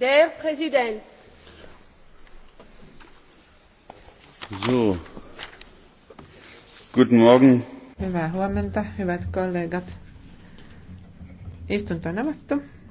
herr Präsident. Guten Morgen. Hyvää huomenta, hyvät kollegat. Istunto on avattu.